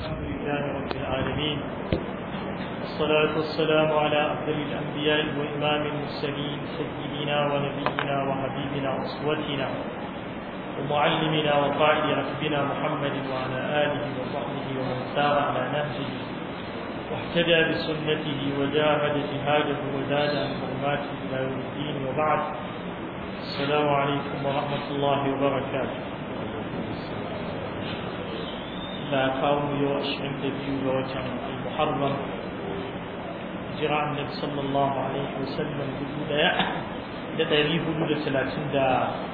الحمد لله رب العالمين والصلاة والسلام على أفضل الأنبياء وإمام المرسلين سيدنا ونبينا وحبيبنا وأسوتنا ومعلمنا وقائد ركبنا محمد وعلى آله وصحبه ومن سار على نهجه واهتدى بسنته وجاهد جهاده وزاد عن حرماته إلى يوم الدين وبعد السلام عليكم ورحمة الله وبركاته Allah ya kawo mu yau ashirin da biyu ga watan al-muharram jira annabi sallallahu alaihi wa sallam dubu daya da ɗari hudu da talatin da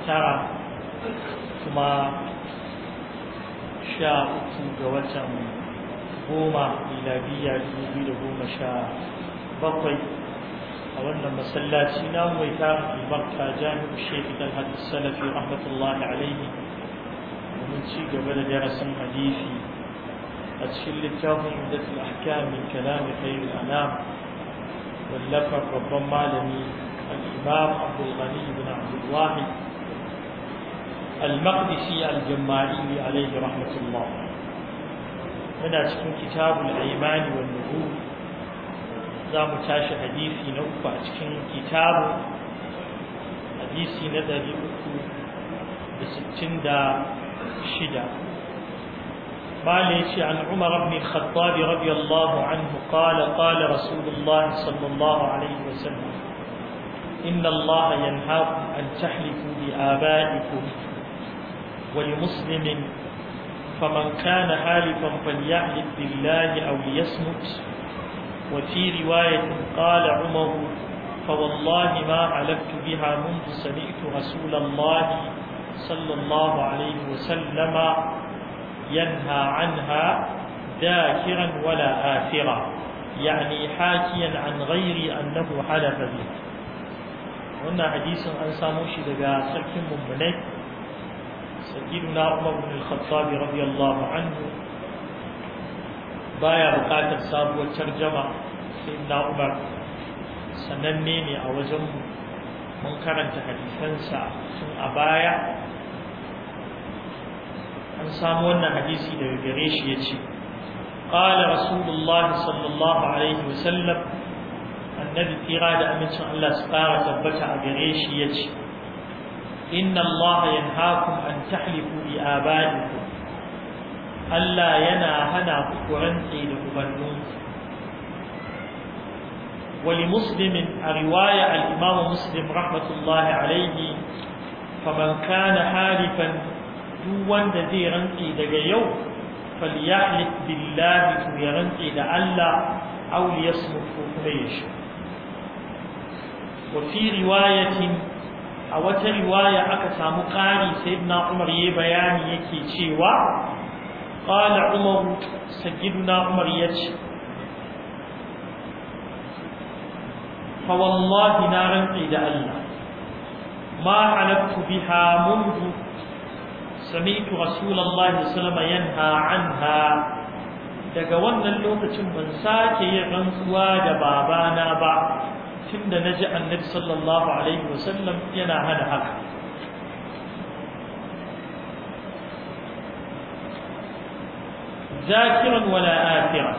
tara kuma sha uku ga watan goma miladiya dubu da goma sha bakwai a wannan masallaci na mai tarin albarka jami'u shekaru dalhadu salafi rahmatullahi alaihi من شيء قبل درس حديثي أتشل الكافي عدة الأحكام من كلام خير الأنام واللفر ربما لني الإمام عبد الغني بن عبد الواحد المقدسي الجماعي عليه رحمة الله هنا تكون كتاب الأيمان والنجوم زام تاشي حديثي نوفا تكون كتاب حديثي ندري أكو بستين دا الشدة مالك عن يعني عمر بن الخطاب رضي الله عنه قال قال رسول الله صلى الله عليه وسلم إن الله ينهاكم أن تحلفوا بآبائكم ولمسلم فمن كان حالفا فليحلف بالله أو ليصمت وفي رواية قال عمر فوالله ما علمت بها منذ سمعت رسول الله صلى الله عليه وسلم ينهى عنها ذاكرا ولا آثرا يعني حاكيا عن غير أنه حلف به هنا حديث أن ساموشي لقى سلك ممنك سيدنا عمر بن الخطاب رضي الله عنه بايا بقاتل سابوة ترجمة سيدنا عمر sananne ne a wajen mun karanta hadisansa sun a baya an samu wannan hadisi daga gare shi ya ce قال رسول الله صلى الله عليه وسلم النبي تيرا دا أمنشن الله سقارة تبتع قريش يجي إن الله ينهاكم أن تحلفوا بآبائكم ألا ينا هنا قرنتي لأبنون ولمسلم رواية الإمام مسلم رحمة الله عليه فمن كان حالفا duk wanda zai rantse daga yau falyahlik billahi to ya rantse da Allah aw yasmut ko kuma ya shi wa fi riwayatin a wata riwaya aka samu ƙari sayyidina Umar yayi bayani yake cewa qala Umar sayyidina Umar yace fa wallahi na rantse da Allah ma halaktu biha mundu سمعت رسول الله صلى الله عليه وسلم ينهى عنها daga wannan lokacin ban sake yin rantsuwa da babana ba tunda naji annabi sallallahu alaihi wasallam yana hana haka zakiran wala afira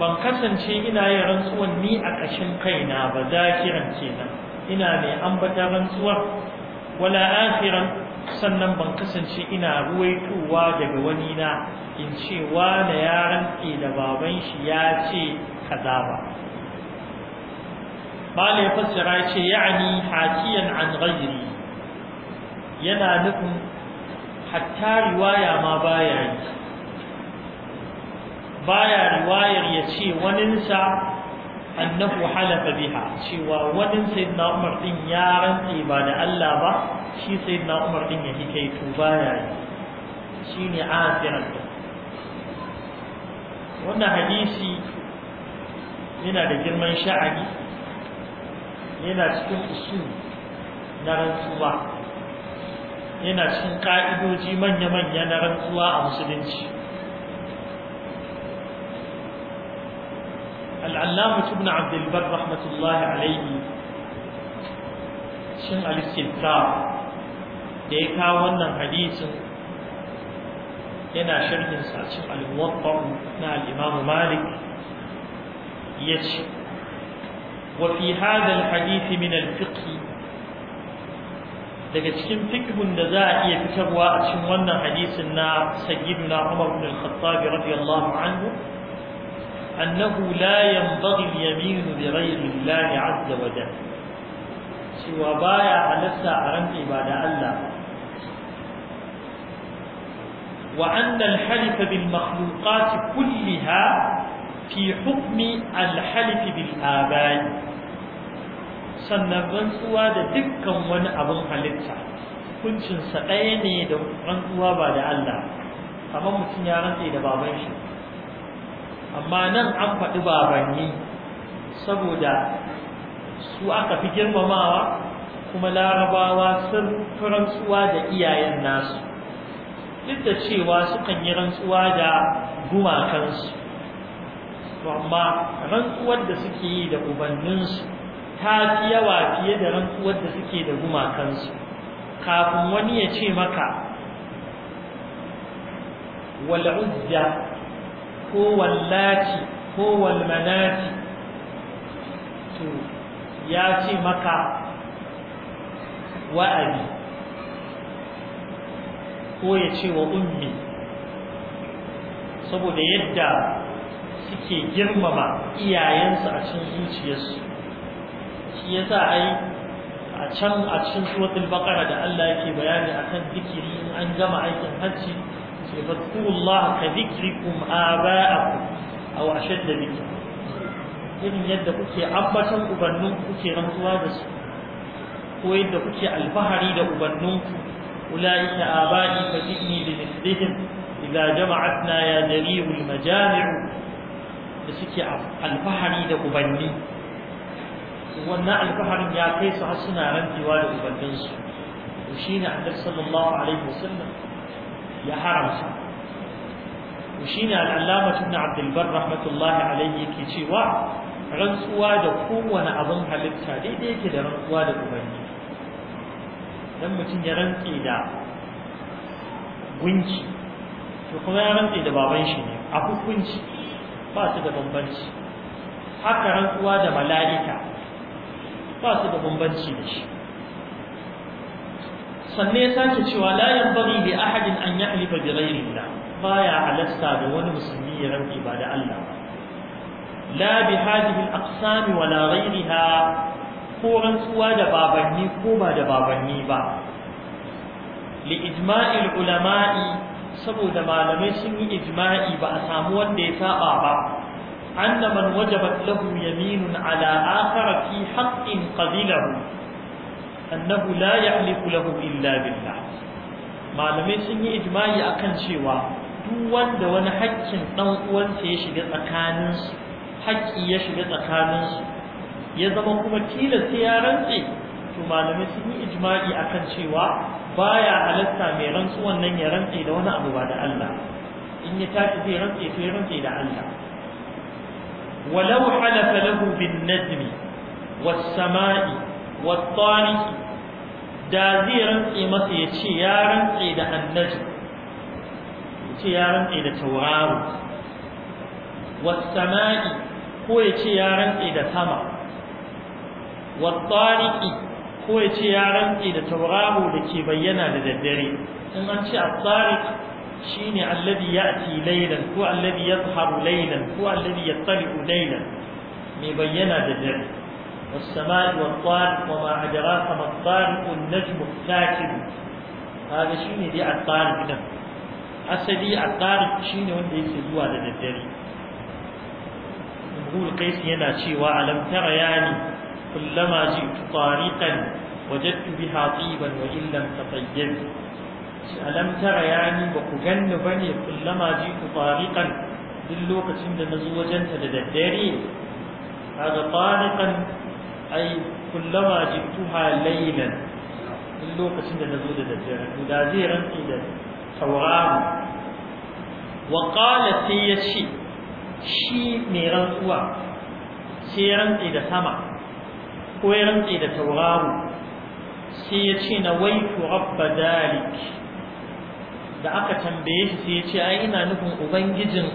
ban kasance ina yin rantsuwan ni a ƙashin kaina ba zakiran kenan ina mai ambata rantsuwar wala afiran sannan ban kasance ina ruwaitowa daga wani na in ce wane ya rantse da baban shi ya ce kaza ba bala ya fassara ce ya ya'ani hakiyan an gajiri yana nufin hatta riwaya ma baya yi baya riwayar ya ce waninsa annahu halafa biha cewa wadin sayyidina Umar din ya rantsi ba da Allah ba shi sayyidina Umar din yake kai to baya shine asiran wannan hadisi yana da girman sha'ani yana cikin usul na rantsuwa yana cikin ka'idoji manya-manya na rantsuwa a musulunci al'allama ibn abdul bar rahmatullahi alaihi shin al-istinta da ya kawo wannan hadisin yana sharhin sacin al-muwatta na al malik yace wa fi min al daga cikin fikhun da za a iya fitarwa a cikin wannan hadisin na na umar ibn al-khattab radiyallahu anhu أنه لا ينبغي اليمين بغير الله عز وجل سوى بايع على الساعة بعد الله وأن الحلف بالمخلوقات كلها في حكم الحلف بالآباء sannan rantsuwa da dukkan wani abin halitta kuncinsa ɗaya ne da rantsuwa ba da Allah kamar mutum ya rantse da baban shi amma nan an faɗi babanni saboda su aka fi girmamawa kuma larabawa sun fi rantsuwa da iyayen nasu duk da cewa sukan yi rantsuwa da gumakansu to amma rantsuwar da suke yi da ubanninsu ta fi yawa fiye da rantsuwar da suke da gumakansu kafin wani ya ce maka wal'uzza ko wallati ko walmanati to ya ce maka wa'abi ko ya ce wa ummi saboda yadda suke girmama iyayensu a cikin zuciyarsu shi yasa ai a can a cikin suratul baqara da Allah yake bayani akan zikiri in an gama aikin hajji فاذكروا الله كذكركم آباءكم أو أشد ذكر irin yadda kuke ambatan ubanninku kuke rantsuwa da su ko yadda kuke alfahari da ubanninku أولئك آبائي فجئني بمثلهم إذا جمعتنا يا دريع المجامع بسكي الفحري ده أبني وانا الفحر يا كيس حسنا رنتي والي أبنيس وشين عندك صلى الله عليه وسلم ya haramta shi ne allama ibn na rahmatullahi alayhi ke cewa rantsuwa da kowane abin halitta daidai yake da rantsuwa da ubangiji Don mutum ya rantse da gunki to kuma ya rantse da baban shi ne a hukunci ba su da bambanci haka rantsuwa da mala'ika ba su da bambanci da shi sannan ya sake cewa layin bari li ahadin an yahlifa bi ghayri Ba baya halasta da wani musulmi ya rabi ba da Allah la bi hadhihi al-aqsam wa la ghayriha ko rantsuwa da babanni ko ba da babanni ba li ijma'il ulama'i saboda malamai sun yi ijma'i ba a samu wanda ya saba ba anna man wajabat lahu yaminun ala akhara fi haqqin qabilahu annahu la yahlifu lahu illa billah malamai sun yi ijma'i akan cewa duk wanda wani haƙƙin dan uwansa ya shiga tsakanin su haƙƙi ya shiga tsakanin su ya zama kuma tilas ya rantse to malamai sun yi ijma'i akan cewa baya halatta mai rantsu nan ya rantse da wani abu ba da Allah in ya tashi zai rantse to ya rantse da Allah ولو حلف له بالنجم والسماء والطارق da zai rantse masa ya ce ya rantsi da annabi ya ce ya rantsi da tauraro wasama'i ko ya ce ya rantsi da sama wattariki ko ya ce ya rantsi da tauraro da ke bayyana da daddare in an ce attarik shine alladhi ya'ti laylan ko alladhi yadhharu laylan ko alladhi yattali'u laylan mai bayyana da dare والسماء والطارق وما أدراك ما الطارق النجم الساكن هذا شيني دي الطارق نعم أسدي الطارق شيء وين ليس زوا للدري نقول قيس هنا شي وعلم ترى يعني كلما جئت طارقا وجدت بها طيبا وإن لم تطيب ألم ترى يعني وكجن بني كلما جئت طارقا دلوك سند نزوجا تددري هذا طارقا ai kullama jituha laylan duk lokacin da nazo da daddare da zai rantsi da sauraro wa qala sai ya ce shi mai rantsuwa sai ya rantsi da sama ko ya rantsi da tauraro sai ya ce na waitu rabba dalik da aka tambaye shi sai ya ce ai ina nufin ubangijin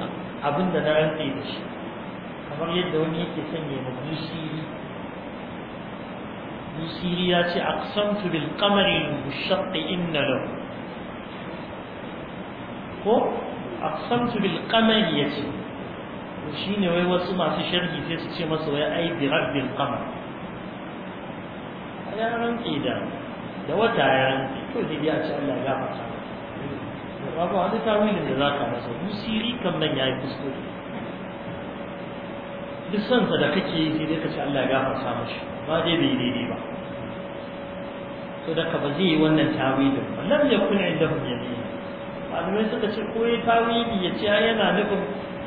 abinda na rantsi da shi kamar yadda wani yake sanya mabushi سيرياتي أقسمت بالقمر المشرق إن له هو أقسمت بالقمر يتي وشيني ويوى سمع في شرقي في سيشي مصر أي برب القمر أنا أعلم إيدا دوا تايران كل دي بياتي الله يا مصر وابو هذا تعويل من ذاك مصر يسيري كم من يأي فسطوري بسنطة دكتي يزيدك الله يا مصر ما دي بيدي دي, to da ba zai yi wannan tawilin ba lam yakun indahum yamin malamai suka ce ko ya tawili ya ce yana nufin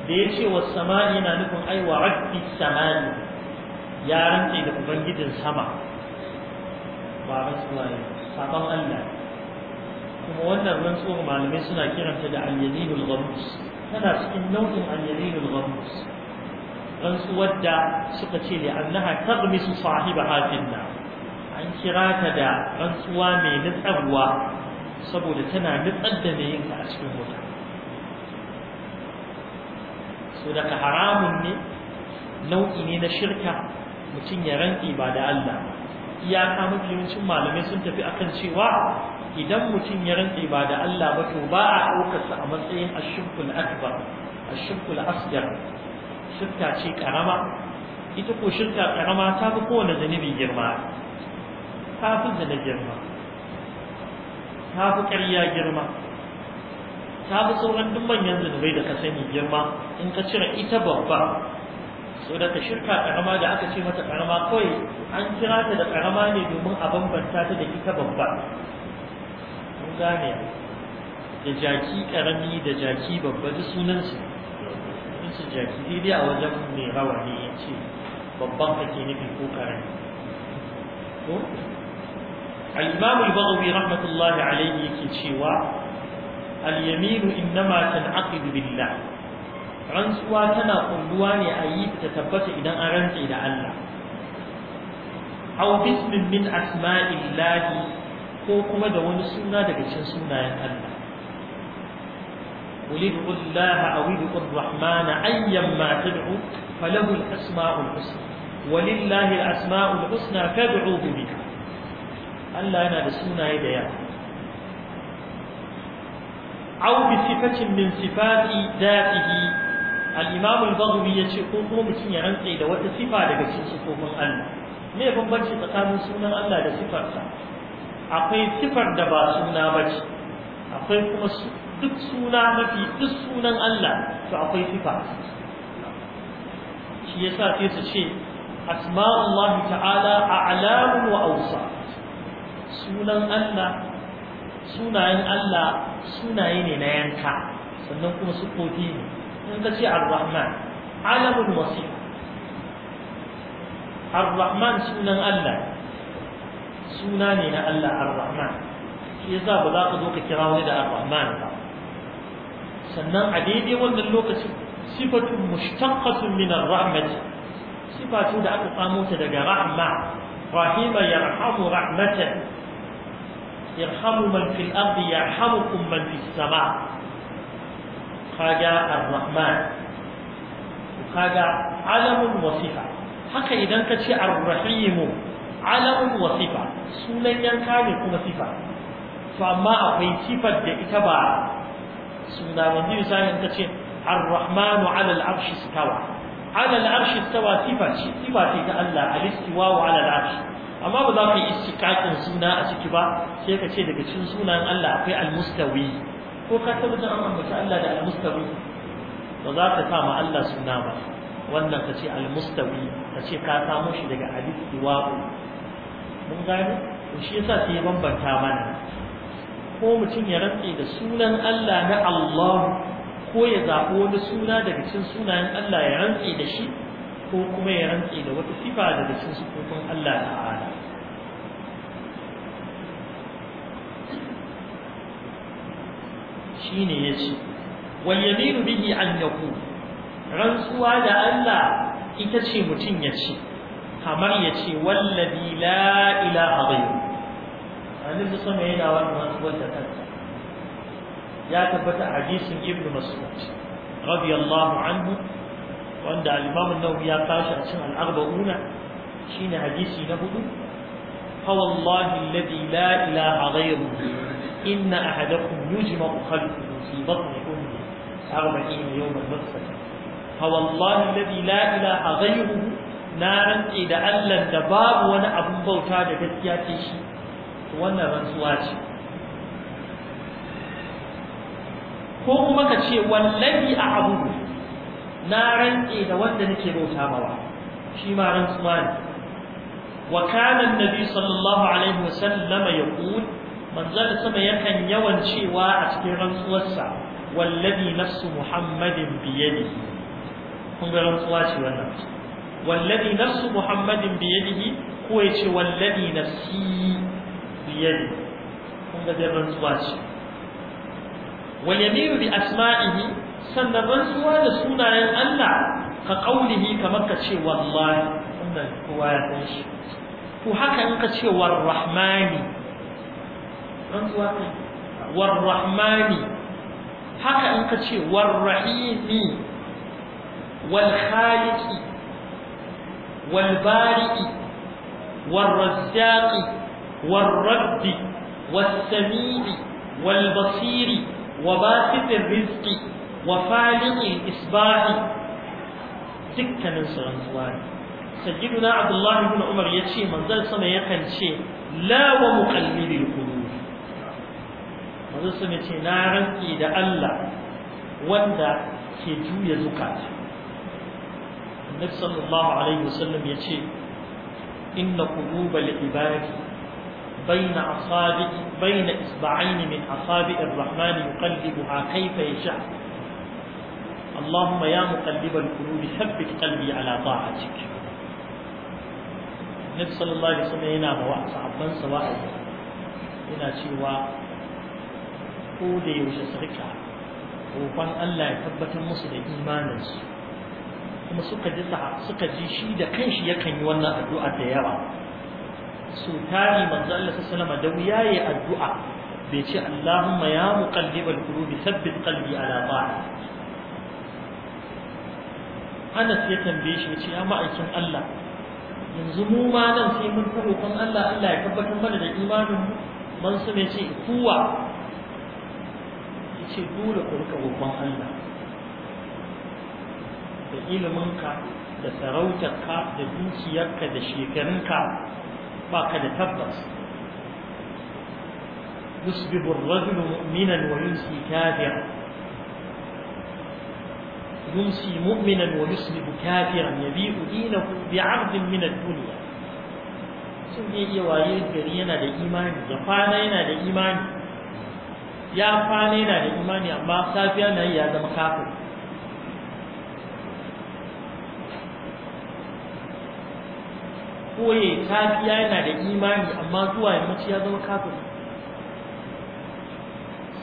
da ya ce wa sama'i na nufin ai wa rabbi samani ya rantse da ubangijin sama ba rantsuwa ne sabon Allah kuma wannan rantsuwar malamai suna kiranta da al-yaminul ghamus tana cikin nau'in al-yaminul ghamus rantsuwar da suka ce da annaha taghmisu sahibaha fil nar kira ta da rantsuwa mai nutsarwa saboda tana nutsar da mai yinka a cikin wuta so daga haramun ne nau'i ne na shirka mutum ya rantsi ba da Allah iyaka mafi yawancin malamai sun tafi akan cewa idan mutum ya rantsi ba da Allah ba to ba a ɗaukarsa a matsayin ashirkul akbar ashirkul asgar shirka ce karama ita ko shirka karama ta fi kowane zanibi girma da zina girma tafi ƙarya girma tafi sauran duk manyan zunubai da ka sani girma in ka cire ita babba sau da ka shirka karama da aka ce mata karama kawai an kira ta da ƙarama ne domin a bambanta ta da ita babba mun gane da jaki ƙarami da jaki babba duk sunansu, su su jaki dai a wajen mai rawa ne ya ce babban ke nufi ko karami al-imam al-baghawi rahmatullahi alayhi yake cewa al-yaminu innama tan'aqid billah rantsuwa tana kulluwa ne a yi ta tabbata idan an rantse da Allah aw bismin min asma'illahi ko kuma da wani suna daga cikin sunayen Allah ولد الله أو ادعوا الرحمن أيا ما تدعو فله الأسماء الحسنى ولله الأسماء الحسنى فادعوه بها Allah yana da sunaye da yawa aw bi sifatin min sifati dhatihi al-imam al-baghawi yace ko kuma mutum ya rantse da wata sifa daga cikin sifofin Allah me bambanci tsakanin sunan Allah da sifarsa akwai sifar da ba suna bace akwai kuma duk suna mafi duk sunan Allah to akwai sifa shi yasa sai su ce asma'ullahi ta'ala a'lamu wa awsa sunan Allah sunayen Allah sunaye ne na yanka sannan kuma sufofi ne in ka ce ar-rahman alamul wasif ar-rahman sunan Allah suna ne na Allah ar-rahman shi yasa ba za ka zo ka kira wani da ar-rahman ba sannan a daidai wannan lokacin sifatun mushtaqqatun min ar-rahmat sifatu da aka samu ta daga rahma rahima yarhamu rahmatan irhamu man fil ardi yarhamukum man fis sama kaga ar-rahman kaga alamun wasifa haka idan ka ce ar-rahim alamun wasifa sunan yanka ne kuma sifa to amma akwai sifar da ita ba suna manzo misalin ta ce ar-rahmanu ala al-arshi istawa ala al-arshi istawa sifa ce sifa ce ga Allah al-istiwa ala al-arshi amma ba za ka yi istiqaqin suna a ciki ba sai ka ce daga cikin sunan Allah akwai almustawi ko ka taba jin an mace Allah da almustawi ba za ka sa ma Allah suna ba wannan ka ce almustawi ka ce ka samo shi daga al-istiwa mun gane to shi yasa sai bambanta mana ko mutum ya rantse da sunan Allah na Allah ko ya zaɓo wani suna daga cikin sunayen Allah ya rantse da shi ko kuma ya rantse da wata sifa daga cikin sifofin Allah ta'ala shine yace wal yaminu bihi an yaqul rantsuwa da Allah ita ce mutun yace kamar yace wallazi la ilaha ghayru annabi sama yana wannan rantsuwar da ya tabbata hadisin ibnu mas'ud radiyallahu anhu wanda al-imam an-nawawi ya kashi a cikin al-arba'una shine hadisi na hudu fa wallahi alladhi la ilaha ghayruhu إن أحدكم يجمع خلقه في بطن أمه أربعين يوما نطفة فوالله الذي لا إله غيره نارا إذا ألم دباب وأنا أبو بوتا دكتياتي وأنا رنسواتي ko kuma ka ce wallahi a abudu na rantse da wanda nake bauta mawa shi ma rantsuwa ne wa kana annabi alaihi wa manzon sama yakan yawan cewa a cikin rantsuwarsa wallazi nafsu muhammadin biyadihi kun ga rantsuwa ce wannan wallazi nafsu muhammadin ko ya ce wallazi nafsi biyadihi kun ga dai rantsuwa ce sannan rantsuwa da sunayen Allah ka qaulihi kamar ka ce wallahi wannan haka in ka ce rantsuwa kai warrahmani haka in ka ce warrahimi wal khaliqi wal bari'i wal walbasiri wal rabbi basiri wa basitir rizqi wa faliqi isbahi dukkanin su rantsuwa ne sajiduna abdullahi ibn umar yace manzon sama yakan ce la wa muqallidil qulub manzo sun ce na rantsi da Allah wanda ke juya zukata annabi sallallahu alaihi wasallam ya ce inna qulubal ibadi بين أصابع بين إصبعين من أصابع الرحمن يقلبها كيف يشاء اللهم يا مقلب القلوب ثبت قلبي على طاعتك النبي صلى الله عليه وسلم هنا بوعد صعبان سواء هنا شيء ko da yaushe su rika roƙon Allah ya tabbatar musu da imaninsu kuma suka ji suka ji shi da kanshi yakan yi wannan addu'a da yawa su tari manzo Allah sallallahu alaihi wasallam da yayi addu'a bai ce Allahumma ya muqallibal qulubi thabbit qalbi ala ta'atik Anas ya tambaye shi ce ya ma'aikin Allah yanzu mu ma nan sai mun fi roƙon Allah Allah ya tabbatar mana da imanin mu man su ne ce kuwa ce dole ku rika babban Allah da iliminka da sarautarka da dukiyarka da shekarunka ba ka da tabbas yusbihu ar-rajulu mu'minan wa yumsi kafiran يمسي مؤمنا ويصبح كافرا يبيع دينه بعرض من الدنيا sun iya waye gari yana da imani da kwana yana da imani ya kwana yana da imani amma safiya na yi ya zama kafin koye safiya yana da imani amma zuwa mace ya zama kafin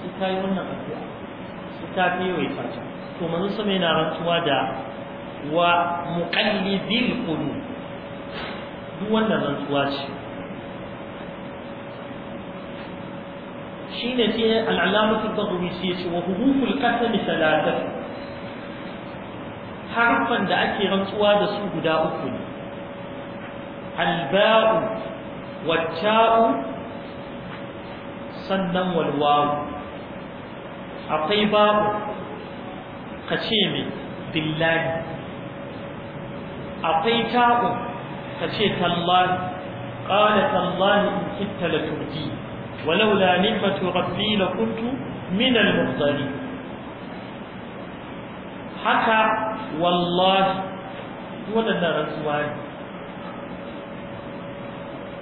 su ta yi wannan addu'a su ta fi yawai fata to manu sama yana rantuwa da wa muƙalli muqallibil qulub duk wannan rantuwa ce shine sai al'alamatu baghawi sai ya ce wa huruful qasam thalathat harfan da ake rantsuwa da su guda uku ne alba'u watta'u sannan walwawu akwai babu ka ce mai billahi akwai ta'u ka ce tallahi qala tallahi in kitta la turji ولولا نعمة ربي لكنت من المحضرين حكى والله ولنا رسوان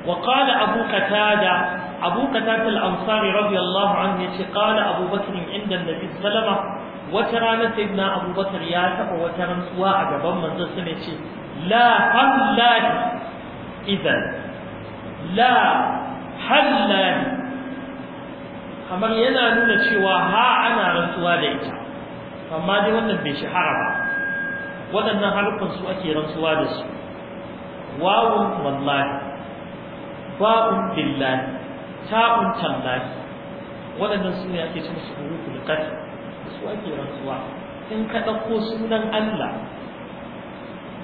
وقال أبو قتادة أبو قتادة الأنصاري رضي الله عنه قال أبو بكر عند النبي صلى الله عليه وسلم وترانا سيدنا أبو بكر يا تبا وترانا سواء عجبا من ذلك لا حلال إذا لا حلال kamar yana nuna cewa ha ana rantsuwa da ita amma dai wannan bai shahara ba waɗannan halukan su ake rantsuwa da su wawu wallahi babu billahi ta'un tallahi waɗannan su ne ake ce musu da qadr su ake rantsuwa in ka ɗauko sunan Allah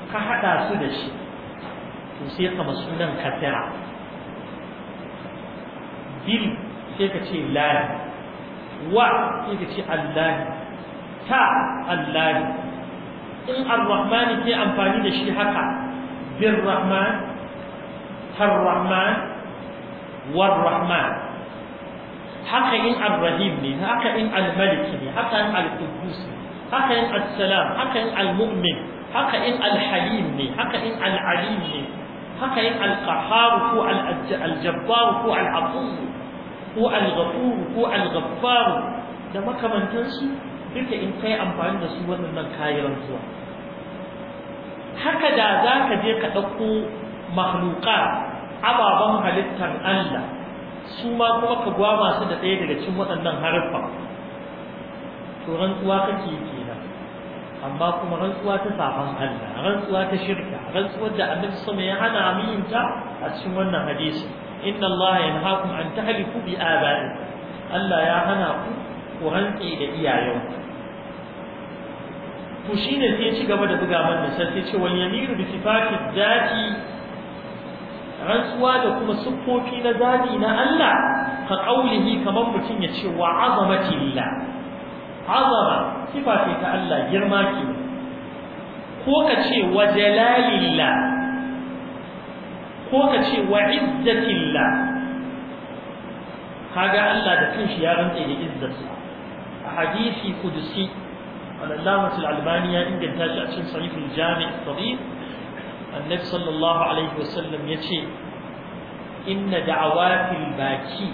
ka haɗa su da shi to sai ka sunan kafira bil sai ka ce lahi wa sai ka ce allahi ta allahi in ar-rahman ke amfani da shi haka bir rahman tar rahman war rahman haka in ar-rahim ne haka in al-malik ne haka in al-quddus ne haka in as haka in al-mu'min haka in al-halim ne haka in al-alim ne haka in al-qahhar ko al-jabbar ko al-aqul ko al-ghafur ko al-ghaffar da makamantansu duka in kai amfani da su wannan kayan zuwa haka da za ka je ka dauko mahluka ababen halittar Allah su ma kuma ka gwama su da ɗaya daga cikin waɗannan harfa to rantsuwa kake kenan amma kuma rantsuwa ta saban Allah rantsuwa ta shirka rantsuwar da annabi sama ya hana aminta a cikin wannan hadisi inna Allah yanhaakum an tahlifu bi aba'ikum Allah ya hana ku ku rantse da iyayenku to shine sai ci gaba da buga mana sai ce wal yamiru bi sifati dhati rantsuwa da kuma siffofi na zani na Allah ka qaulihi kamar mutum ya ce wa azamatillah azama sifa ta Allah girma ke ko ka ce wa jalalillah ko ka ce wa izzatillah kaga Allah da kanshi ya rantsa da izzarsa a hadisi kudusi al-Allamah al inganta a cikin Sahih al-Jami' al-Sahih annabi sallallahu alaihi wasallam yace inna da'awatil baki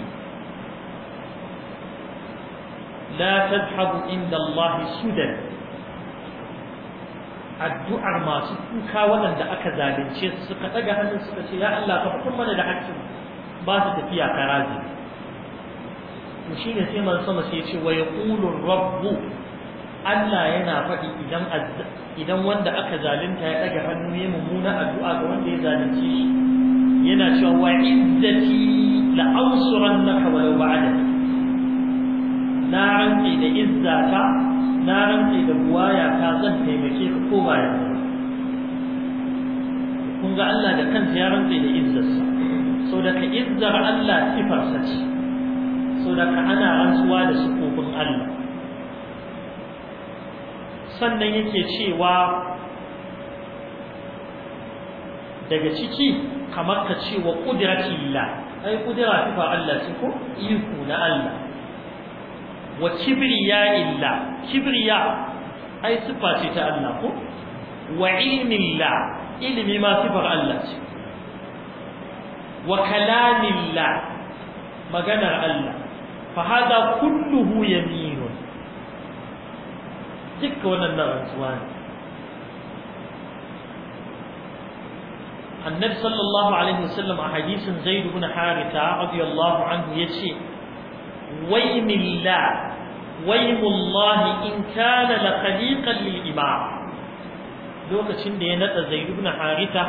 la tadhhabu inda Allah sudan addu'ar masu kuka waɗanda aka zalunce su suka ɗaga hannun suka ce ya Allah ka fitar mana da hakkin ba su tafiya karazi to shine sai man sama sai ya ce wa yaqulu rabbu Allah yana faɗi idan idan wanda aka zalunta ya ɗaga hannu ya mummuna addu'a ga wanda ya zalunce shi yana cewa wa izzati la ansurannaka walau ba'adaka na rantsi da izzata na rantsi da buwaya zan taimake ka ko bayan kun ga Allah da kansa ya rantsa da izzarsa so daga izzar Allah sifarsa ce so daga ana rantsuwa da sukukun Allah sannan yake cewa daga ciki kamar ka ce wa Allah ai ƙudira sifar Allah ce ko iko na Allah wa kibriya illa kibriya ai sifa ce ta Allah ko wa Allah ilimi ma sifar Allah ce wa kalamillah maganar Allah fa hada kulluhu yamin dukkan wannan rantsuwa ne annabi sallallahu alaihi wasallam a hadisin zaid ibn haritha radiyallahu anhu yace waymillah waymullahi in kana laqadiqan lil imam lokacin da ya nada zaid ibn haritha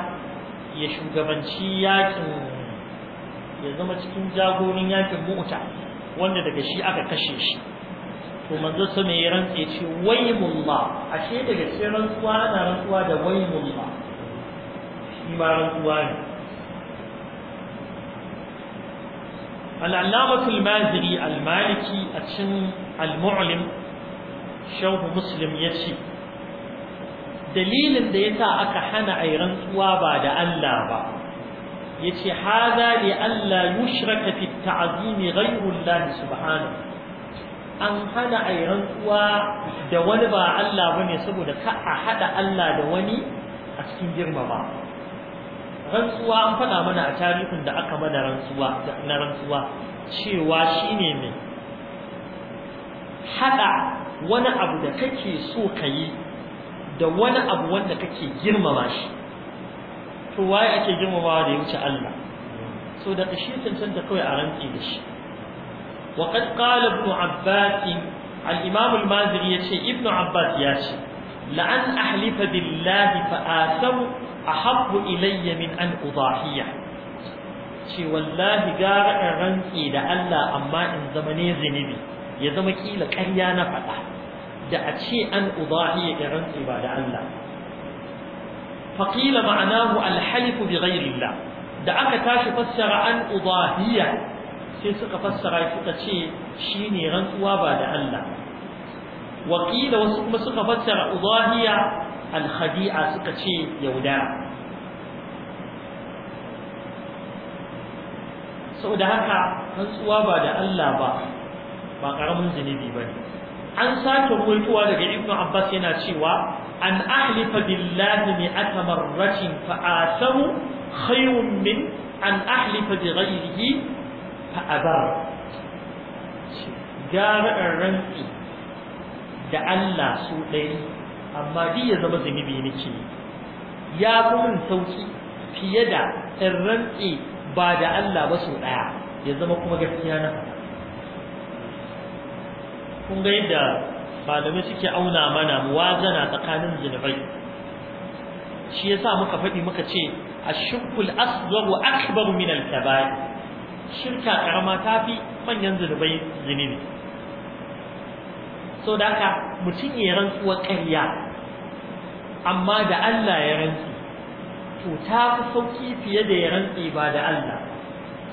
ya shugabanci yakin ya zama cikin jagorin yakin mu'ta wanda daga shi aka kashe shi to manzo sa mai rantsa ya ce waymullah ashe daga cikin rantsuwa ana rantsuwa da waymullah shi ma rantsuwa ne العلامة المازري المالكي أتشن المعلم شوه مسلم يشي dalilin da yasa aka hana yi rantsuwa ba da Allah ba yace haza li alla yushraka fi ta'zim ghayru Allah subhanahu an hana yi rantsuwa da wani ba Allah ba ne saboda ka a hada Allah da wani a cikin girmama rantsuwa an faɗa mana a tarihin da aka mana rantsuwa na rantsuwa cewa shine mai Haɗa wani abu da kake so ka yi da wani abu wanda kake girmama shi to waye ake girmamawa da ya wuce Allah so da kashi cancanta kawai a rantsi da shi wa qad qala ibn abbas al-imam al-maziri yace ibn abbas ya ce la'an ahlifa billahi fa a habbu ilayya min an udahiya ce wallahi gara in rantsi da Allah amma in zama ne zinubi ya zama kila karya na faɗa da a ce an udahi da rantsi ba da Allah faƙila ma'anahu Alhalifu halif bi ghayri da aka tashi fassara an udahiya sai suka fassara suka ce shine rantsuwa ba da Allah waƙila wasu kuma suka fassara udahiya al suka ce yauda sau da haka rantsuwa ba da Allah ba ba ƙaramin zunubi bane an sake ruwaitowa daga ibn abbas yana cewa an ahlifa billahi atamar marratin fa asaru khayrun min an ahlifa bi ghayrihi fa abar gara rantsi da Allah su ɗaya amma bi ya zama zunubi nake ya fi min sauki fiye da in rantsi ba da Allah ba su ɗaya ya zama kuma gaskiya na kun ga yadda malamai suke auna mana muwazana tsakanin zinubai shi yasa muka faɗi muka ce ashirkul asghar wa akbar min al-kaba'ir shirka karama tafi manyan zunubai zinubi so da haka mutum ya rantsuwa ƙarya amma da Allah ya rantsi to ta fi sauki fiye da ya rantsi ba da Allah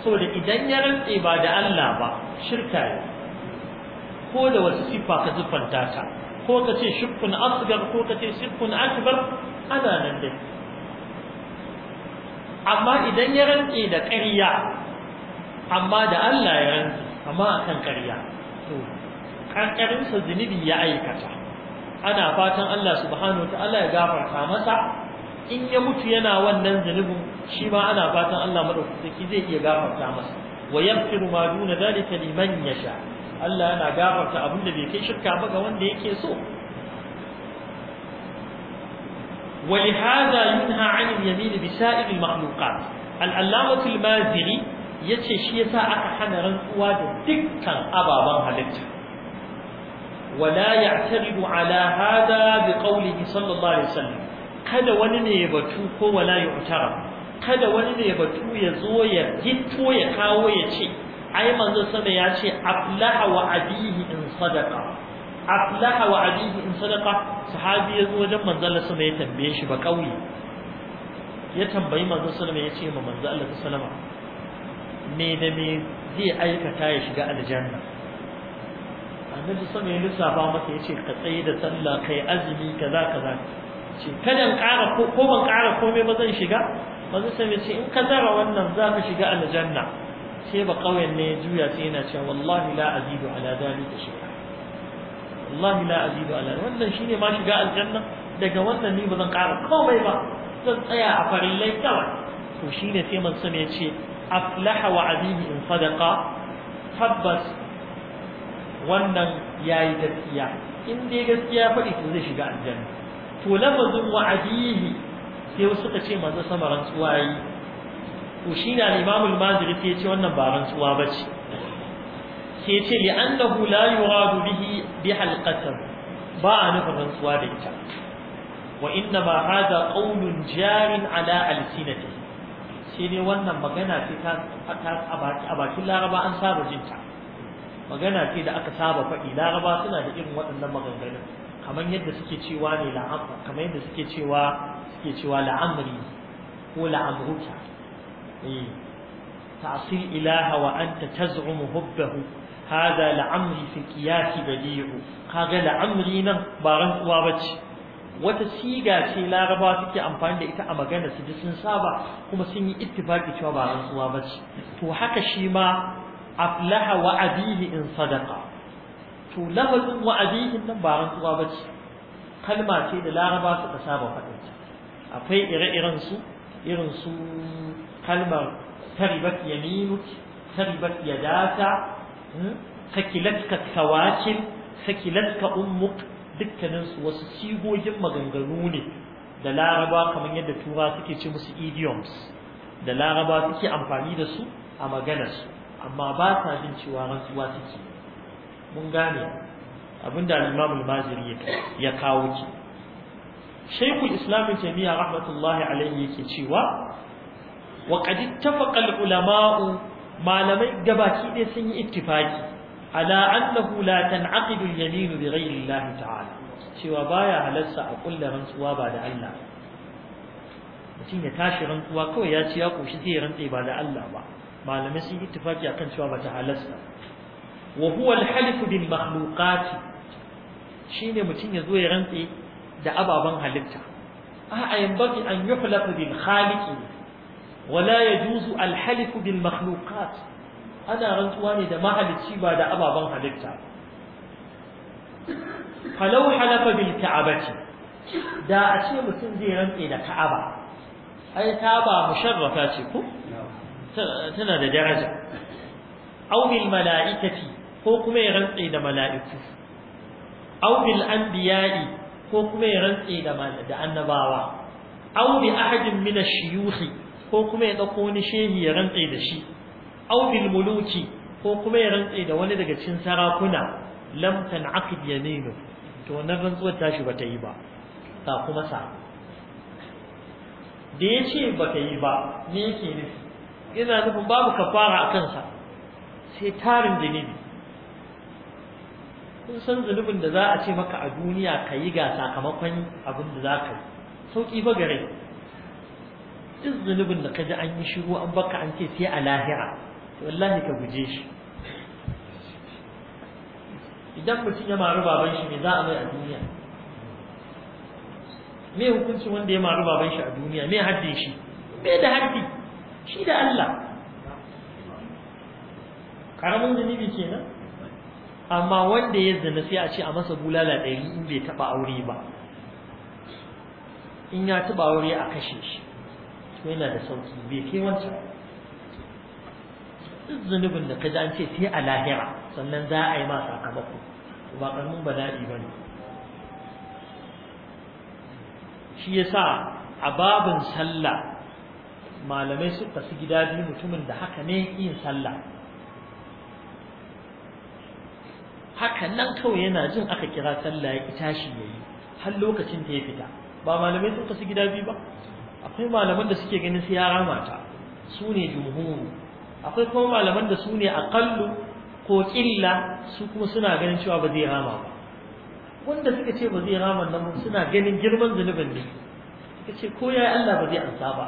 so da idan ya rantsi ba da Allah ba shirka ne ko da wasu siffa ka siffanta ta ko ka ce shukun asgar ko ka ce shiffun akbar ana nan dai amma idan ya rantse da ƙarya amma da Allah ya rantse amma akan ƙarya to ƙarƙarinsa zunubi ya aikata ana fatan Allah subhanahu wataala ya gafarta masa in ya mutu yana wannan zunubin shi ma ana fatan Allah madaukaki zai iya gafarta masa wa yaghfiru ma duna dhalika liman yasha' Allah yana gafarta abin da bai kai shirka ba ga wanda yake so ولهذا ينهى عن اليمين بسائر المخلوقات العلامة المازري yace shi yasa aka hana rantsuwa da dukkan ababen halitta wala ya'taridu ala hada bi qawlihi sallallahu alaihi wasallam kada wani ne ya batu ko wala yu'tara kada wani ne ya batu ya zo ya gitto ya kawo ya ce ai manzo sama ya ce aflaha wa abihi in sadaqa aflaha wa abihi in sadaqa sahabi ya zo wajen manzo Allah sama ya tambaye shi ba kauye ya tambayi manzo sallama ya ce ma manzo Allah sallama me da me zai aikata ya shiga aljanna annabi sallama ya lissafa masa ya ce ka tsaye da sallah kai azumi kaza kaza ce kada ƙara ko ban ƙara komai ba zan shiga manzo sallama ya ce in ka zara wannan za ka shiga aljanna sai ba kauyen ne juya sai yana cewa wallahi la azidu ala shay'a wallahi la azidu ala wannan shine ma shiga aljanna daga wannan ni ba zan ƙara komai ba zan tsaya a farillai kawai to shine sai man sun yace aflaha wa azibi in sadaqa tabbas wannan yayi gaskiya in dai gaskiya faɗi to zai shiga aljanna to lafazin wa azihi sai wasu ka ce manzo sama rantsuwa yi to shi ne imamul maziri sai ce wannan ba rantsuwa ba ce sai ce li'annahu la yuradu bihi bi halqatan ba a nufin rantsuwa da ita wa inna ma hadha qawlun jarin ala alsinati sai ne wannan magana ce ta a bakin laraba an saba jinta magana ce da aka saba faɗi laraba suna da irin waɗannan maganganun kamar yadda suke cewa ne la'amru kamar yadda suke cewa suke cewa la'amri ko la'amruka تعصي الإله وأنت تزعم حبه هذا لعمري في القياس بديع هذا لعمري نن بارن وابتش wata siga ce laraba suke amfani da ita a magana su ji sun saba kuma sun yi ittifaki cewa ba rantsuwa ba ce to haka shi ma aflaha wa abihi in sadaka to lafazin wa abihin nan ba rantsuwa ba ce kalma ce da laraba suka saba faɗin akwai ire-iren su irin su kalmar taribat yaminuk taribat yadaka hmm? sakilatka kawakin sakilatka ummuk dukkanin su wasu sigogin maganganu ne da laraba kamar yadda tura suke ce musu idioms da laraba suke amfani da su a maganarsu amma ba sa jin cewa rantsuwa suke mun gane abinda al-imam al-maziri ya kawo ki shaykhu islam taymiya rahmatullahi alaihi yake cewa wa qad ittafaqa al-ulama'u malamai gabaki ɗaya sun yi ittifaki ala annahu la tan'aqidu al-yamin bi ghayri Allah ta'ala cewa baya halarsa a kulla rantsuwa ba da Allah mutum ya tashi rantsuwa kawai ya ce ya koshi zai rantse ba da Allah ba malamai sun yi ittifaki akan cewa bata halarsa wa huwa al-halfu bil makhluqat shine mutum ya zo ya rantse da ababan halitta a'a yanbaghi an yuhlafu bil khaliqi wala yajuzu al bil makhluqat ana rantsuwa ne da mahalicci ba da ababan halitta falau halafa bil ka'abati da a ce mutum zai rantse da ka'aba ai ka'aba musharrafa ce ko tana da daraja aw bil mala'ikati ko kuma ya rantse da mala'iku aw bil anbiya'i ko kuma ya rantse da annabawa aw bi ahadin min ash ko kuma ya ɗauko wani shehi ya rantse da shi aw muluki ko kuma ya rantse da wani daga cikin sarakuna lam tanaqid yaminu to wannan rantsuwar tashi bata yi ba ta kuma sa da ya ba ta yi ba me yake nufi ina nufin babu kafara a kansa sai tarin zunubi kun san zunubin da za a ce maka a duniya ka yi ga sakamakon abin da za ka yi sauƙi ba gare duk zunubin da kaji an yi shiru an baka an ce sai a lahira wallahi ka guje shi idan mutum ya maru baban shi me za a mai a duniya me hukunci wanda ya maru baban shi a duniya me haddin shi me da haddi shi da Allah karamin zunubi kenan amma wanda ya zina sai a ce a masa bulala ɗari in bai taɓa aure ba in ya taɓa aure a kashe shi yana da sauki bai ke wancan zunubin da ji an ce sai a lahira sannan za a yi ma sakamako ba karamin bala'i ne. shi ya sa a babin sallah malamai suka su gida biyu mutumin da haka ne yin sallah haka nan kawai yana jin aka kira sallah ya ki tashi yi, har lokacin ta ya fita ba malamai suka su gida biyu ba akwai malaman da suke ganin su ya rama su ne jumhuru akwai kuma malaman da su ne aqallu ko ƙilla su kuma suna ganin cewa ba zai rama ba wanda suka ce ba zai rama nan suna ganin girman zunubin ne suka ce ko ya Allah ba zai ansa ba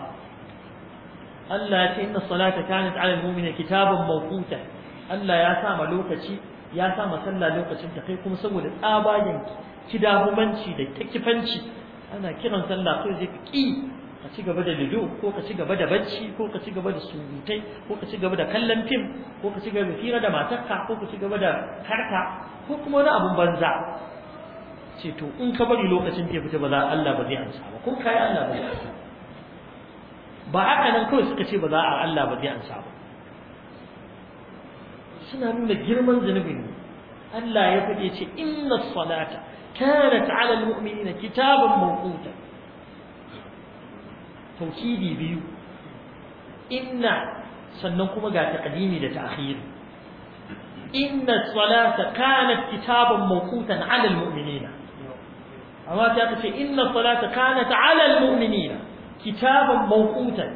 Allah ya ce inna salata kanat ala al-mu'mina kitaban mawquta Allah ya sa ma lokaci ya sa ma sallah lokacin ta kai kuma saboda tsabagen kidahumanci da takifanci ana kiran sallah kai zai ki ka ci gaba da lido ko ka ci gaba da bacci ko ka ci gaba da surutai ko ka ci gaba da kallon fim ko ka ci gaba da fira da matarka ko ka ci gaba da karka ko kuma wani abun banza ce to in ka bari lokacin da ya fita ba za Allah ba zai amsa ba ko kai Allah ba zai amsa ba haka nan kawai suka ce ba za a Allah ba zai amsa ba suna nuna girman zunubin Allah ya faɗe ce inna salata kanat ala al-mu'minina kitaban mawquta Tauhidi biyu inna sannan kuma ga taqdimi da ta'khir inna salata kanat kitaban mawqutan 'ala almu'minina amma ta ce inna salata kanat 'ala almu'minina kitaban mawqutan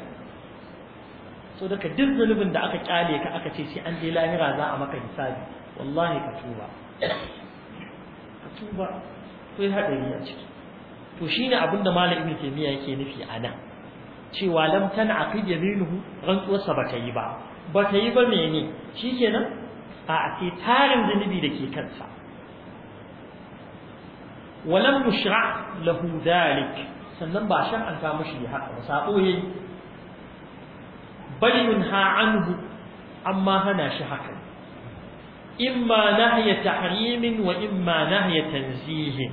so daga duk zulubin da aka kyale ka aka ce sai an je lahira za a maka hisabi wallahi ka tuba ka tuba kai hadari a ciki to shine abinda malamin ke miya yake nufi a nan cewa lam tan'aqid yaminuhu rantsuwarsa ba ta yi ba ba ta yi ba mene shikenan a sai tarin zunubi da ke kansa walam yushra lahu dhalik sannan ba shan an ta mishi haka ba sabo yayi bal yunha anhu amma hana shi haka imma nahya tahrimin wa imma nahya tanzihin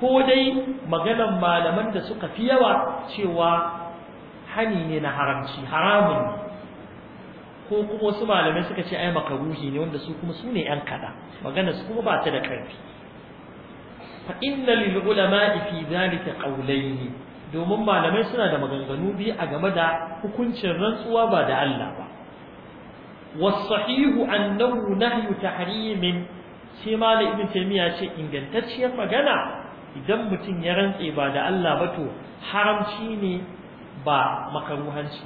ko dai maganan malaman da suka fi yawa cewa hani ne na haramci haramun ne ko kuma wasu malamai suka ce ai makaruhi ne wanda su kuma su ne yan kaɗa magana su kuma ba ta da karfi fa inna lil ulama'i fi dhalika qawlayn domin malamai suna da maganganu biyu a game da hukuncin rantsuwa ba da Allah ba wasahihu annahu nahyu tahrimin sai malam ibn taymiya ce ingantacciyar magana idan mutum ya rantse ba da Allah ba to haramci ne ba makaruhanci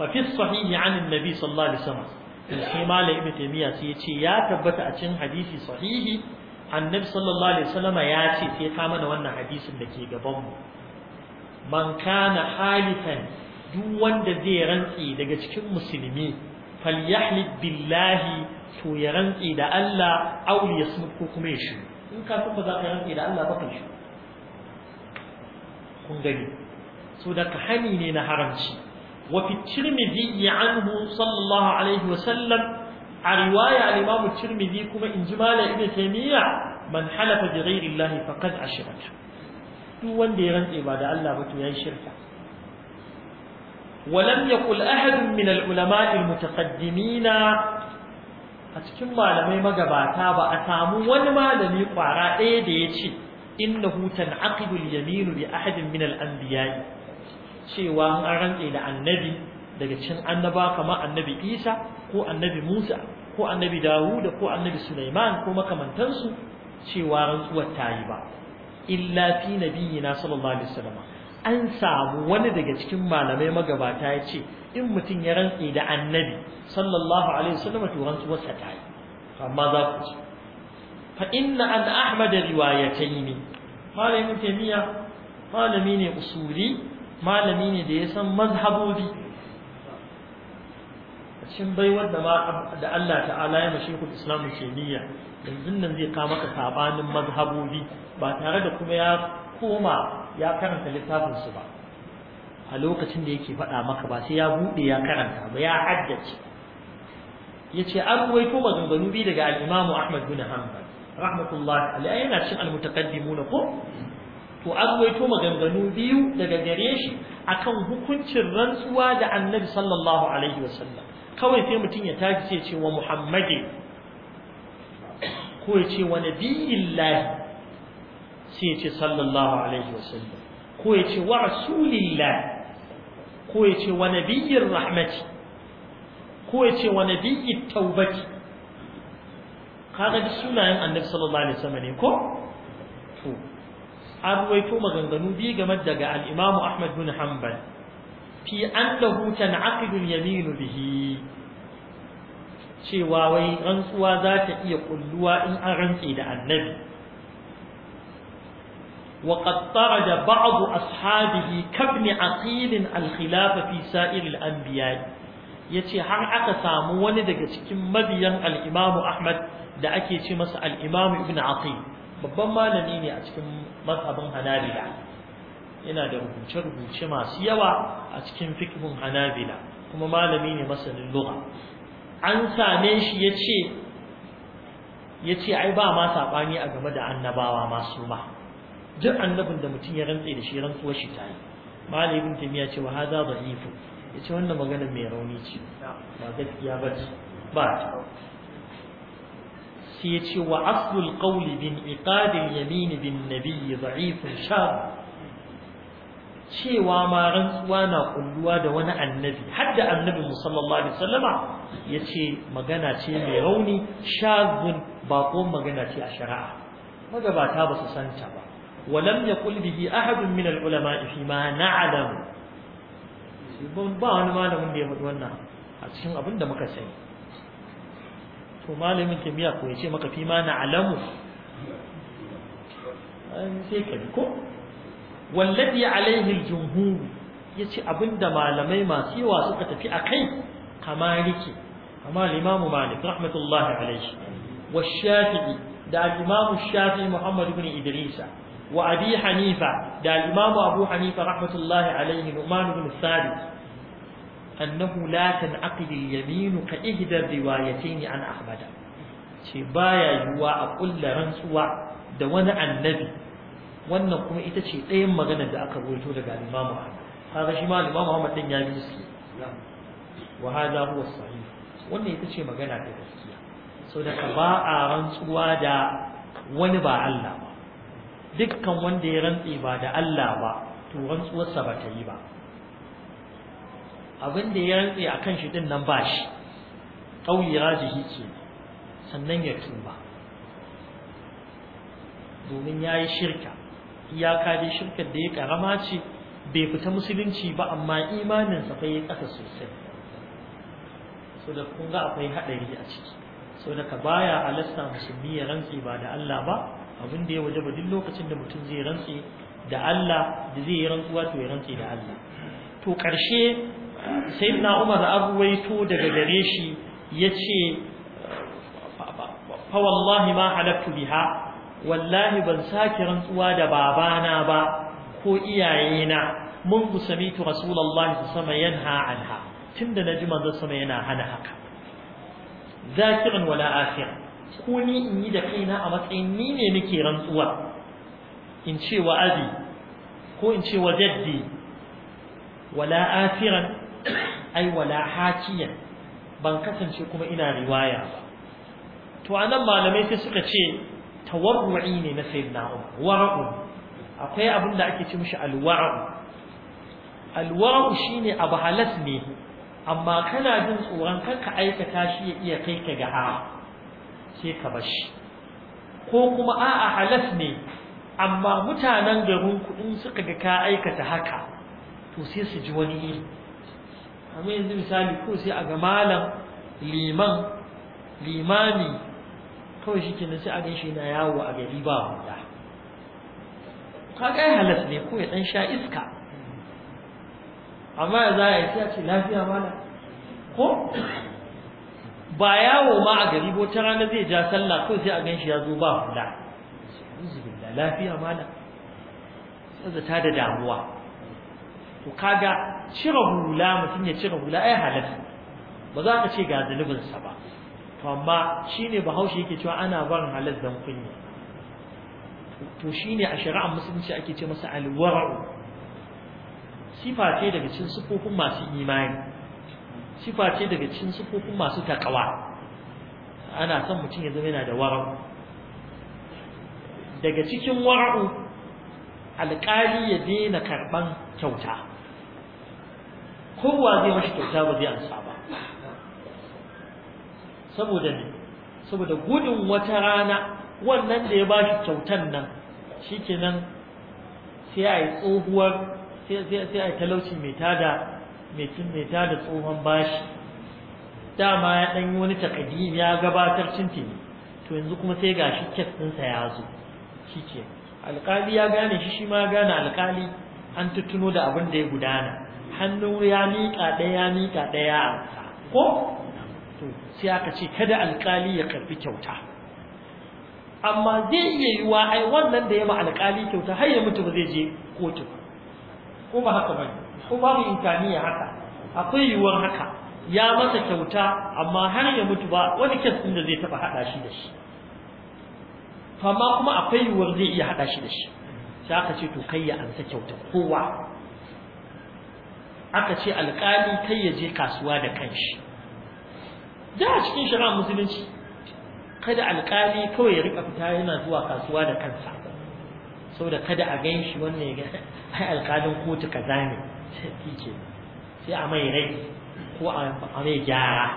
fa fi sahihi an annabi sallallahu alaihi wasallam sai malam ibnu taymiya sai ya ce ya tabbata a cikin hadisi sahihi annabi sallallahu alaihi ya ce sai ka mana wannan hadisin da ke gaban mu man kana halifan duk wanda zai rantse daga cikin musulmi falyahlib billahi to ya rantsi da Allah aw yasmut ko kuma ya shi in ka san ba za ka rantsi da Allah ba kan shi kun gani so da hani ne na haramci wa fi tirmidhi anhu sallallahu alaihi wa sallam a riwaya al-imam tirmidhi kuma in ji malam ibn taymiya man halafa bi ghairi allahi faqad ashraka duk wanda ya rantse ba da Allah ba to yayi shirka ولم يقل أحد من العلماء المتقدمين a cikin malamai magabata ba a samu wani malami kwara ɗaya da ya ce innahu tan'aqidu al-yamin bi ahadin min al-anbiya cewa an rantse da annabi daga cikin annaba kamar annabi Isa ko annabi Musa ko annabi Dawud ko annabi Sulaiman ko makamantansu cewa rantsuwar ta yi ba illa fi nabiyina sallallahu alaihi wasallam an samu wani daga cikin malamai magabata ya ce in mutum ya rantse da annabi sallallahu alaihi wasallam to rantsuwarsa ta yi amma za ku ci fa inna an ahmad riwayatayn malamin taymiya malami ne usuli malami ne da ya san mazhabobi cikin baiwar da ma da Allah ta'ala ya mashi ku islamu taymiya yanzu nan zai kawo maka sabanin mazhabobi ba tare da kuma ya koma ya karanta littafin su ba a lokacin da yake faɗa maka ba sai ya buɗe ya karanta ba ya haddace yace an ruwaito maganganu bi daga al-Imam Ahmad bin Hanbal rahmatullahi alaihi yana cin almutaqaddimun ko to an waito maganganu biyu daga gare shi akan hukuncin rantsuwa da annabi sallallahu alaihi wasallam kawai sai mutum ya tafi sai ce wa muhammadi ko ya ce wa nabiyillahi sai ya ce sallallahu alaihi wasallam ko ya ce wa ko ya ce wa rahmati ko ya ce wa kaga duk sunayen annabi sallallahu alaihi wasallam ne ko to an ruwaito maganganu bi game daga al imamu Ahmad bin Hanbal fi annahu tan'aqidu al-yamin bihi cewa wai rantsuwa za ta iya kulluwa in an rantsi da annabi وقد طرد بعض أصحابه كابن عقيل الخلاف في سائر الأنبياء يتي هر أكا سامو وندق تكم مبيا الإمام أحمد da ake ce masa al'imamu imam Ibn Aqil babban malami ne a cikin mazhabin Hanabila yana da rubuce-rubuce masu yawa a cikin fiqhun Hanabila kuma malami ne masanin lugha an same shi yace ce ai ba ma sabani a game da annabawa masu ma duk annabin da mutum ya rantse da shi rantsuwar shi ta yi malami ibn tamiya ce wa hadha Ya ce wannan magana mai rauni ce ba gaskiya ba ba sai ya ce wa aslul qawli bin iqadil yamin bin nabiy da'ifun shab cewa ma rantsuwa na kulluwa da wani annabi hadda annabi musallallahu alaihi wasallama yace magana ce mai rauni shazun ba ko magana ce a shari'a magabata ba su santa ba walam yaqul bihi ahadun min al-ulama fi ma na'lam ba wani malamin da ya faɗi wannan a cikin abin da muka sani to malamin kimiyya ko ya ce maka fi ma na alamu an sai ka bi ko wallazi alaihi aljumhur yace abinda malamai masu yawa suka tafi akai kama rike kama al-imamu malik rahmatullahi alaihi wa shafi'i da al-imamu shafi'i muhammad ibn idrisa wa abi hanifa da al-imamu abu hanifa rahmatullahi alaihi nu'man ibn sabit أنه لا تنعقد اليمين كإحدى الروايتين عن أحمد ce baya yiwuwa a kulla rantsuwa da wani annabi wannan kuma ita ce ɗayan magana da aka rubuto daga Imam Ahmad kaga shi ma Imam Ahmad din ya bi su wa hada huwa sahih wannan ita ce magana ta gaskiya saboda ka ba a rantsuwa da wani ba Allah ba dukkan wanda ya rantsi ba da Allah ba to rantsuwarsa ba ta yi ba abin da ya rantse a kan shi din nan ba shi ƙauye jihi ke sannan ya tuba domin ya yi shirka iyaka dai shirkar da ya ƙarama ce bai fita musulunci ba amma imaninsa bai ya ƙasa sosai so da kun ga akwai haɗari a ciki so da ka baya alasta musulmi ya rantse ba da Allah ba abin da ya waje ba duk lokacin da mutum zai rantse da Allah da zai yi rantsuwa to ya rantse da Allah to ƙarshe sayyidina umar an ruwaito daga gare shi yace fa wallahi ma halaktu biha wallahi ban sake rantsuwa da babana ba ko iyayena mun samitu rasulullahi sallallahu yanha anha tunda ji manzo sama yana hana haka zakiran wala akhir ko ni in yi da kaina a matsayin ni ne nake rantsuwa in ce wa abi ko in ce wa jaddi wala afiran ai wala hakiyan ban kasance kuma ina riwaya ba to anan malamai sai suka ce tawarru'i ne na sayyidina Umar wara'u akwai abin da ake ce mishi alwara'u alwara'u shine abu halas ne amma kana jin tsoron kanka aikata shi ya iya kai ka ga ha sai ka bashi ko kuma a'a halas ne amma mutanen garin ku suka ga ka aikata haka to sai su ji wani iri kamar yanzu misali ko sai a ga malam liman limami kawai shi kenan sai a gan shi na yawo a gari ba wanda ka ya halas ne ko ya dan sha iska amma ya za a yi ce lafiya mana ko ba yawo ma a gari ko ta rana zai ja sallah ko sai a gan shi ya zo ba hula lafiya mana sai da damuwa to kaga cire hula mutum ya cire hula ai halatta ba za ka ce ga sa ba to amma shine bahaushe yake cewa ana barin halal dan kunya to shine a shari'ar musulunci ake ce masa alwara'u sifa ce daga cikin sifofin masu imani sifa ce daga cikin sifofin masu takawa ana son mutum ya zama yana da wara'u daga cikin wara'u alƙali ya daina karɓan kyauta kowa zai mashi kyauta ba zai ansa ba saboda ne saboda gudun wata rana wannan da ya ba shi kyautan nan shikenan sai a yi tsohuwar sai a yi talauci mai tada mai tada tsohon bashi dama ya ɗan yi wani takadim ya gabatar cin tini to yanzu kuma sai ga shi kes ɗinsa ya zo shi ke alƙali ya gane shi shi ma gane alƙali an tuttuno da abin da ya gudana hannu ya miƙa ɗaya ya miƙa ɗaya ko to sai aka ce kada alƙali ya karbi kyauta amma zai iya yi wa ai wannan da ya ma alƙali kyauta har ya mutu ba zai je kotu ba ko ba haka ba ko babu imkaniya haka akwai yiwuwar haka ya masa kyauta amma har ya mutu ba wani kes din da zai taba hada shi da shi amma kuma akwai yiwuwar zai iya haɗa shi da shi sai aka ce to kai ya ansa kyauta kowa aka ce alƙali kai ya je kasuwa da kanshi da a cikin shari'ar musulunci kada alƙali kawai ya rika fita yana zuwa kasuwa da kansa saboda kada a gan shi wannan ya ga ai alƙalin kotu kaza ne ke sai a mai rai ko a mai gyara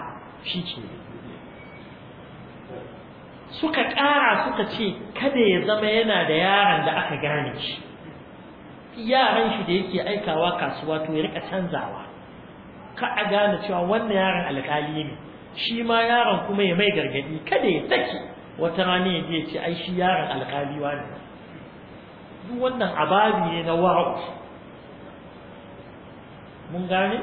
shi ke suka ƙara suka ce kada ya zama yana da yaron da aka gane shi yaran shi da yake aikawa kasuwa to ya rika canzawa ka a gane cewa wannan yaran alkali ne shi ma yaron kuma ya mai gargadi kada ya take wata rana ya je ce ai shi yaron alkali wani duk wannan ababi ne na wa'u mun gane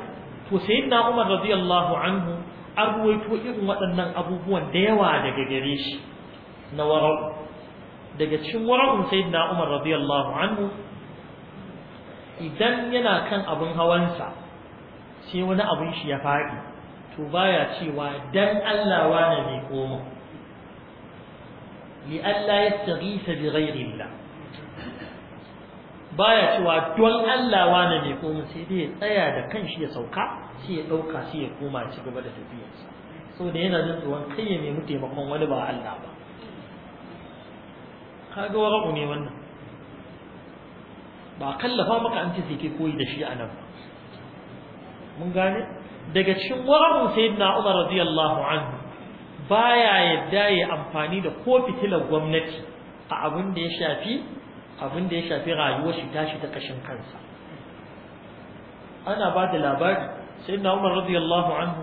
to na Umar radiyallahu anhu an ruwaito irin waɗannan abubuwan da yawa daga gare shi na wara'u daga cikin sai na Umar radiyallahu anhu idan yana kan abin hawansa sai wani abin shi ya faɗi to baya cewa dan Allah wane ne koma li Allah yastaghisa bi Allah baya cewa don Allah wane ne koma sai dai ya tsaya da kan kanshi ya sauka sai ya dauka sai ya koma ci gaba da tafiyarsa da yana jin tsoron kai ya nemi taimakon wani ba Allah ba kaga wara'u ne wannan ba kallafa maka an ce ke koyi da shi a nan mun gane daga cikin wararun sayyidina Umar radiyallahu anhu baya yadda ya amfani da ko fitilar gwamnati a abin da ya shafi abin da ya shafi rayuwar shi tashi ta kashin kansa ana ba da labari sayyidina Umar radiyallahu anhu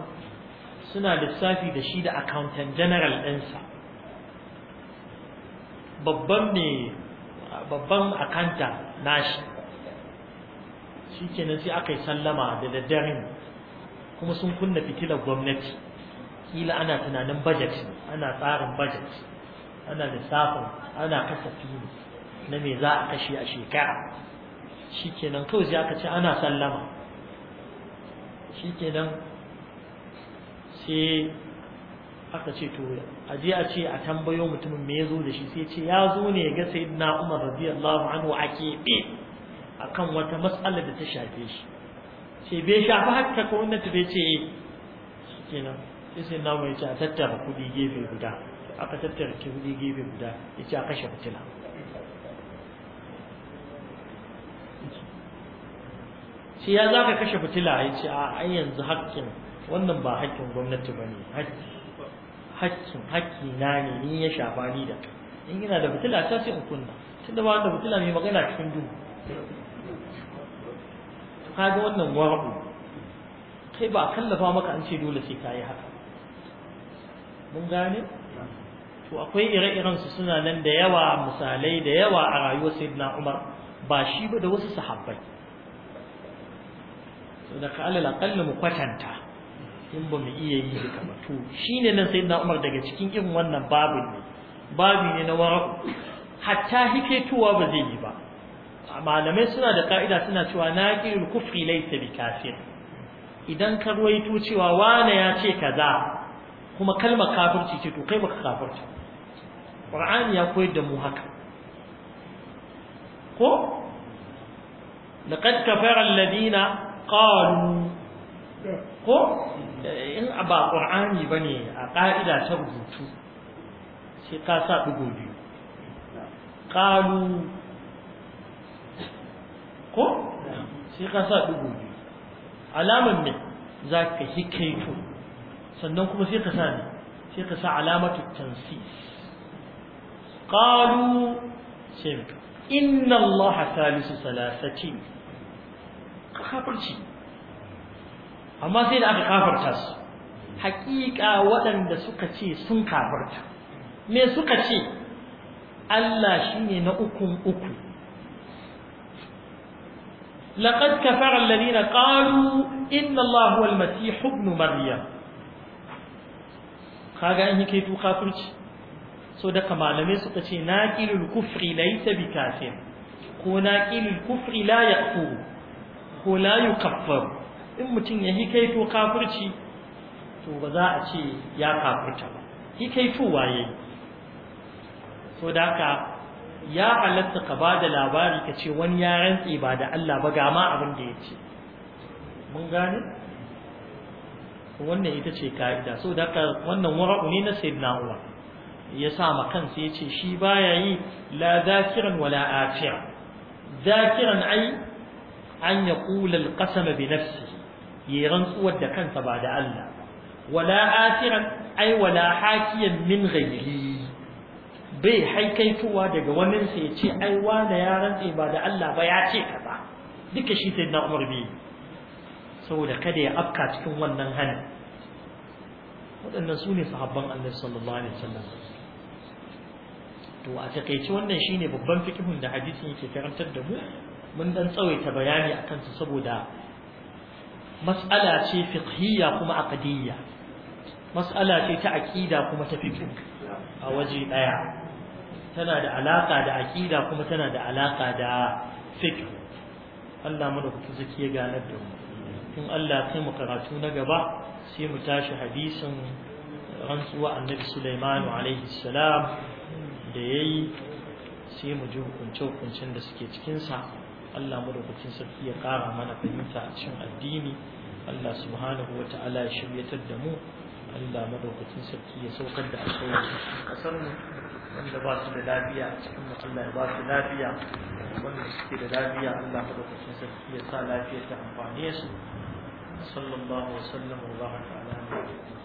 suna lissafi da shi da accountant general ɗinsa babban ne. babban akanta nashi shi kenan sai aka yi sallama da daddare kuma sun kunna fitilar gwamnati kila ana tunanin budget ana tsarin budget ana lissafin ana kasafi na me za a kashe a shekara shi kenan kawai sai aka ce ana sallama shi kenan sai aka ce to a je a ce a tambayo mutumin me ya zo da shi sai ce ya zo ne ya ga sayyidina Umar radiyallahu anhu a keɓe akan wata matsalar da ta shafe shi ce bai shafi hakka ko wannan ta bai ce kenan sai sai na mai ce a tattara kuɗi gefe guda aka tattara kuɗi gefe guda ya ce a kashe fitila shi ya za ka kashe fitila ya ce a yanzu hakkin wannan ba hakkin gwamnati ba ne hakkin hakkin hakki na ne ni ya shafa ni da in ina da fitila ta sai in kunna tun ba wanda fitila mai magana cikin duhu ga wannan warbu kai ba kallafa maka an ce dole sai kayi haka mun gane to akwai ire-iren su suna nan da yawa misalai da yawa a rayuwar sayyidina Umar ba shi ba da wasu sahabbai to da ka alal mu kwatanta in ba mu iya yi duka ba to shine nan sayyidina Umar daga cikin irin wannan babu ne babu ne na wara hatta hiketuwa ba zai yi ba malamai suna da ka'ida suna cewa naqirul kufri laysa bikafir idan ka ruwaito cewa wane ya ce kaza kuma kalma kafirci ce to kai baka kafirci Qur'ani ya koyar da mu haka ko laqad kafara alladhina qalu ko Eh, in ba ƙur'ani ba ne a ƙa'ida ta rubutu sai ka sa ɗigo biyu ƙalu ko sai ka sa ɗigo biyu alamar ne za ka hikaito sannan kuma sai ka sa ne sai ka sa alamatu tansis ƙalu sai inna allaha salisu salasati kafirci amma sai da aka kafarta su haƙiƙa waɗanda suka ce sun kafarta me suka ce Allah shine na ukun uku laqad kafara alladhina qalu inna Allah huwa al-masih ibn maryam kaga an yake to kafirci so da malamai suka ce naqilul kufri laysa bikafir ko naqilul kufri la yaqfu ko la yukaffar in mutum ya hikaito kafirci to ba za a ce ya kafirta ba hikaitowa ya yi so da haka ya halatta ka ba da labari ka ce wani ya rantse ba da Allah ba ga ma abin da ya ce mun gane wannan ita ce ka'ida so da haka wannan wara'u ne na sayyidina Umar ya sa ma kansa ya ce shi baya yi la zakiran wala afiya zakiran ai an ya ƙula alƙasama bi ya rantsuwar da kansa ba da Allah wala asiran ai wala hakiyan min ghairi bai haikaituwa daga wannan sai ya ce ai wani ya rantse ba da Allah ba ya ce kaza duka shi sai na Umar bai saboda kada ya afka cikin wannan hana waɗannan su ne sahabban Allah sallallahu alaihi wasallam to a takaice wannan shine babban fikihun da hadisin yake karantar da mu mun dan tsawaita bayani akan su saboda mas'ala ce fiqhiyya kuma aqdiyya mas'ala ce ta aqida kuma ta fiqh a waje daya tana da alaka da aqida kuma tana da alaka da fiqh Allah mu da kuka zaki ganar da mu in Allah sai mu karatu na gaba sai mu tashi hadisin rantsuwa annabi Sulaiman alaihi salam da yayi sai mu ji hukunce hukuncen da suke cikin sa Allah madaukakin sarki ya ƙara mana fahimta a cikin addini Allah subhanahu wa ta'ala ya shiryatar da mu Allah madaukakin sarki ya saukar da alkhairin kasar mu wanda ba su da lafiya a cikin mu Allah ya ba su lafiya wanda suke da lafiya Allah madaukakin sarki ya sa lafiya ta amfane su sallallahu alaihi wa sallam wa baraka